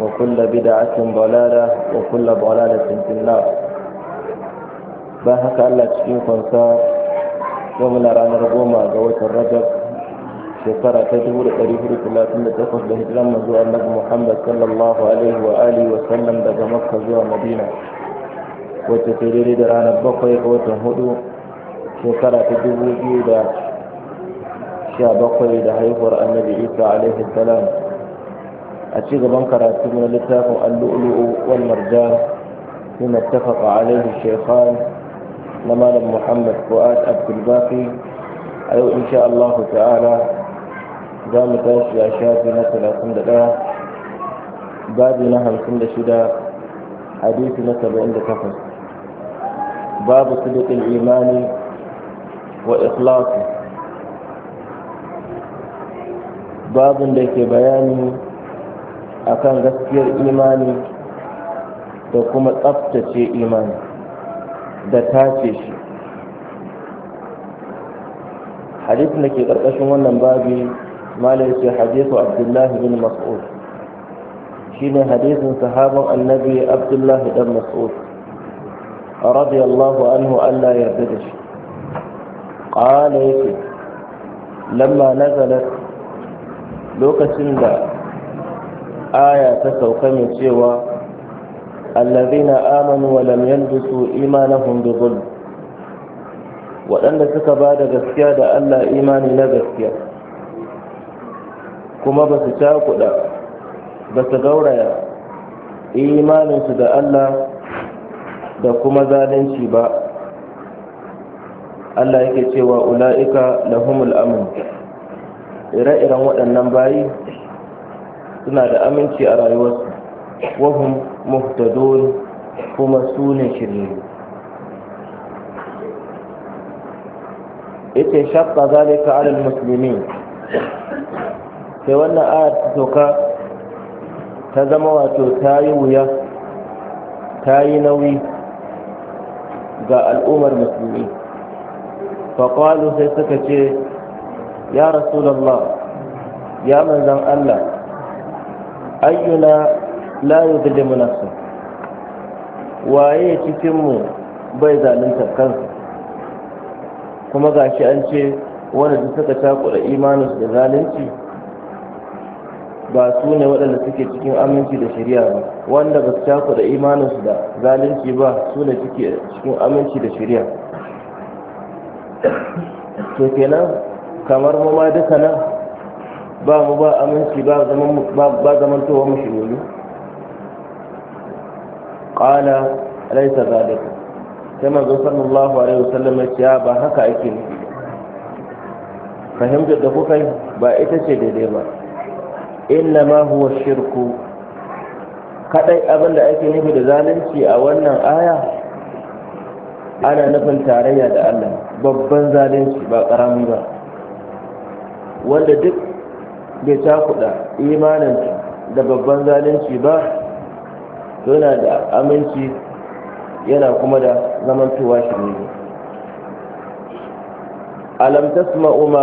وكل بدعة ضلالة وكل ضلالة في النار باهك ألا تشكين كونسا ومن رانا رقوما جوات الرجب شكرا تدور أريه لثلاثين لتقف بهجرة منذ النبي محمد صلى الله عليه وآله وسلم دقى مكة زوى مدينة وتتريري درانا بقى جوات هدو شكرا تدور جيدا شابقى لهيفر النبي عيسى عليه السلام a ci gaban karatu na littafin allu'ulu'u wal marjan min ittafaqa alaihi shaykhan na malam muhammad fuad abdul baqi a yau insha allahu ta'ala za mu tashi a shafi na 31 babi na 56 hadisi na 78 babu sadiqil imani wa ikhlasi babin da ke bayani akan gaskiyar imani da kuma tsaftace imani da tace shi hadisin da ke ƙarƙashin wannan babi malai ce hadisu abdullahi bin mas'ud Shi ne hadisin sahaban annabi abdullahi dan mas'ud radiyallahu anhu Allah ya yarda da shi qala yake lamma nazalat lokacin da aya ta sauka mai cewa allazina amanu wa lam yalbisu imanahum bi zulm waɗanda suka ba da gaskiya da Allah imani na gaskiya kuma ba su cakuɗa ba su gauraya imaninsu da Allah da kuma zalunci ba Allah yake cewa ula'ika lahumul amin ire-iren waɗannan bayi suna da aminci a rayuwarsu wahum muhtadun kuma su ne shirye yace shaqqa zalika 'ala al-muslimin sai wannan ayar ta toka ta zama wato ta yi wuya ta yi nauyi ga al'ummar musulmi faƙwalu sai suka ce ya rasulallah ya manzan Allah ayyuna la yuzlimu nafsa waye cikin mu bai zalunta kansa kuma gashi an ce wanda duk suka takura imanin da zalunci ba su ne waɗanda suke cikin aminci da shari'a ba wanda ba su takura imanin su da zalunci ba su ne suke cikin aminci da shari'a to kenan kamar mu ma duka nan ba mu ba aminci ba zaman towa mushiroli ƙala laisa zalika sai mazo sallallahu alaihi wasallam ya ba haka ake ne fahimtar da kuka ba ita ce daidai ba inna ma huwa shirku kadai abin da ake nufi da zalunci a wannan aya ana nufin tarayya da Allah babban zalunci ba karami ba wanda duk bai takuda imaninta da babban zalunci ba yana da aminci yana kuma da zamantowa shi ne alam tasma'u